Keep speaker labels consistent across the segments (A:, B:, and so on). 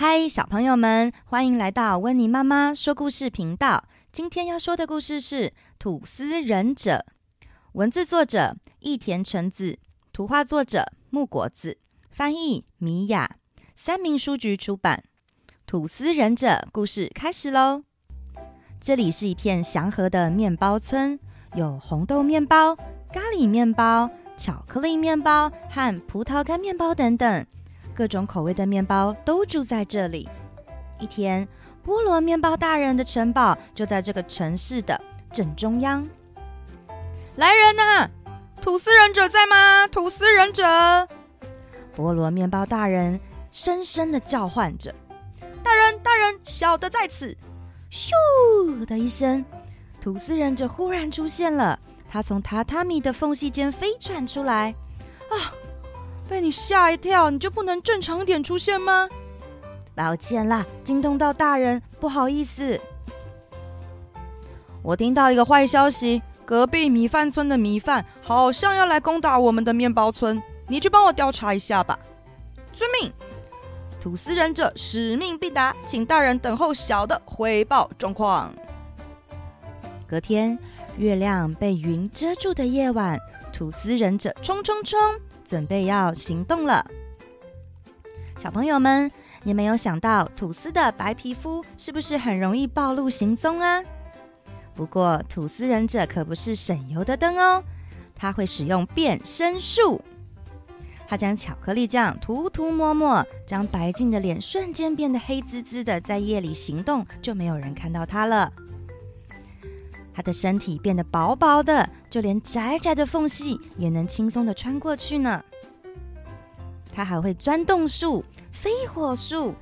A: 嗨，Hi，小朋友們，歡迎來到溫妮媽媽說故事頻道。今天要說的故事是《吐司忍者》，文字作者苅田澄子，圖畫作者木果子，翻譯米雅，三民書局出版。《吐司忍者》故事開始嘍！這裡是一片祥和的麵包村，有紅豆麵包、咖喱麵包、巧克力麵包和葡萄乾麵包等等。各種口味的麵包都住在這裡。一天，菠蘿麵包大人的城堡就在這個城市的正中央。來人啊，吐司忍者在嗎？吐司忍者，菠蘿麵包大人深深地叫喚着。大人，大人，小的在此。咻的一聲，吐司忍者忽然出現了，他從榻榻米的縫隙間飛竄出來。啊！被你嚇一跳，你就不能正常點出現嗎？抱歉啦，驚動到大人，不好意思。我聽到一個壞消息，隔壁米飯村的米飯好像要來攻打我們的麵包村，你去幫我調查一下吧。遵命，吐司忍者使命必達，請大人等候小的回報狀況。隔天，月亮被雲遮住的夜晚，吐司忍者衝衝衝。準備要行動了，小朋友們，你沒有想到吐司的白皮膚是不是很容易暴露行蹤啊？不過吐司忍者可不是省油的燈哦，他會使用變身術，他將巧克力醬塗塗抹抹，將白淨的臉瞬間變得黑滋滋的，在夜裡行動就沒有人看到他了。他的身體變得薄薄的，就連窄窄的縫隙也能輕鬆地穿過去呢。他還會鑽洞術、飛火術。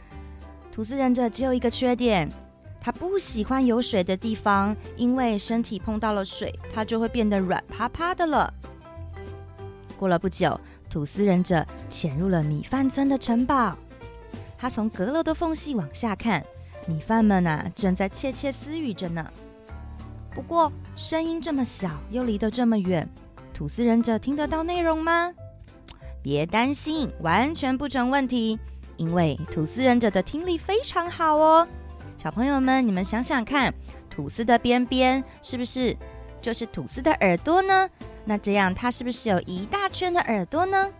A: 吐司忍者只有一個缺點，他不喜歡有水的地方，因為身體碰到了水，他就會變得軟趴趴的了。過了不久，吐司忍者潛入了米飯村的城堡。他從閣樓的縫隙往下看，米飯們啊，正在竊竊私語着呢。不過聲音這麼小，又離得這麼遠，吐司忍者聽得到內容嗎？別擔心，完全不成問題，因為吐司忍者的聽力非常好哦。小朋友們，你們想想看，吐司的邊邊是不是就是吐司的耳朵呢？那這樣它是不是有一大圈的耳朵呢？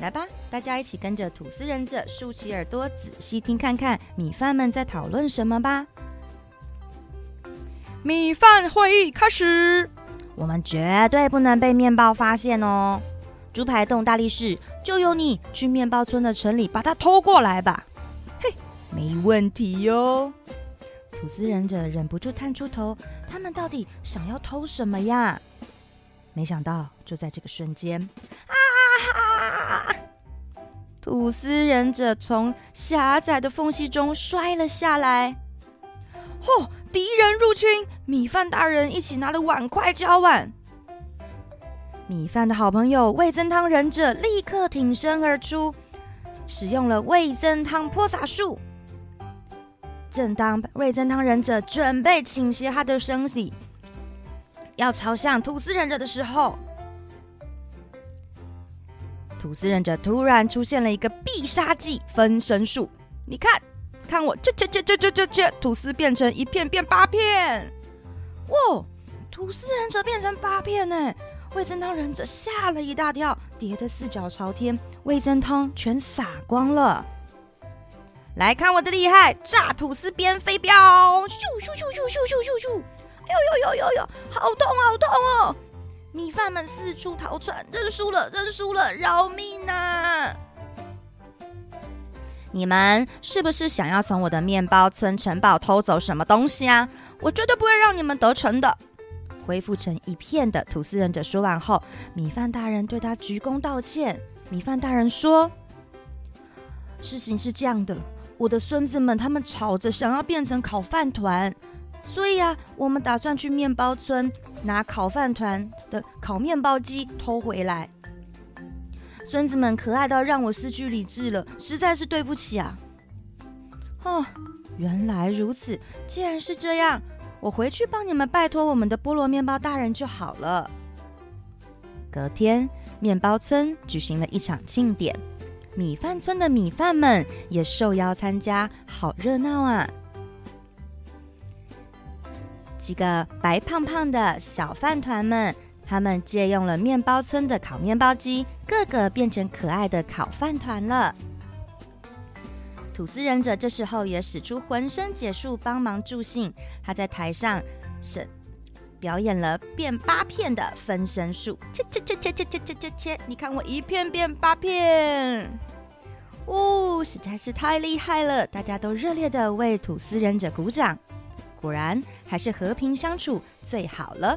A: 來吧，大家一起跟着吐司忍者豎起耳朵，仔細聽看看米飯們在討論什麼吧。米飯會議開始，我們絕對不能被麵包發現哦！豬排洞大力士，就由你去麵包村的城裡把它偷過來吧。嘿，沒問題喲、哦！吐司忍者忍不住探出頭，他們到底想要偷什麼呀？沒想到，就在這個瞬間，啊！吐司忍者從狹窄的縫隙中摔了下來，嚯！敵人入侵，米飯大人一起拿了碗筷交碗。米飯的好朋友味噌湯忍者立刻挺身而出，使用了味噌湯潑灑術。正當味噌湯忍者準備傾斜他的身體，要朝向吐司忍者的時候，吐司忍者突然出現了一個必殺技分身術，你看。看我切切切切切切切，吐司變成一片變八片，哇！吐司忍者變成八片呢、欸！味噌湯忍者嚇了一大跳，跌得四腳朝天，味噌湯全灑光了。來看我的厲害，炸吐司變飛鏢，咻咻咻咻咻咻咻咻咻！哎呦呦呦呦呦，好痛好痛哦！米飯們四處逃竄，認輸了認輸了，饒命吶、啊！你們是不是想要從我的麵包村城堡偷走什麼東西啊？我絕對不會讓你們得逞的！恢復成一片的吐司忍者說完後，米飯大人對他鞠躬道歉。米飯大人說：“事情是這樣的，我的孫子們他們吵着想要變成烤飯糰，所以啊，我們打算去麵包村拿烤飯糰的烤麵包機偷回來。”孫子們可愛到讓我失去理智了，實在是對不起啊！哦，原來如此，既然是這樣，我回去幫你們拜託我們的菠蘿麵包大人就好了。隔天，麵包村舉行了一場慶典，米飯村的米飯們也受邀參加，好熱鬧啊！幾個白胖胖的小飯糰們。他們借用了面包村的烤麵包機，個個變成可愛的烤飯糰了。吐司忍者這時候也使出渾身解數幫忙助興，他在台上是表演了變八片的分身術，切切切切切切切切切，你看我一片變八片，哦，實在是太厲害了！大家都熱烈地為吐司忍者鼓掌。果然還是和平相處最好了。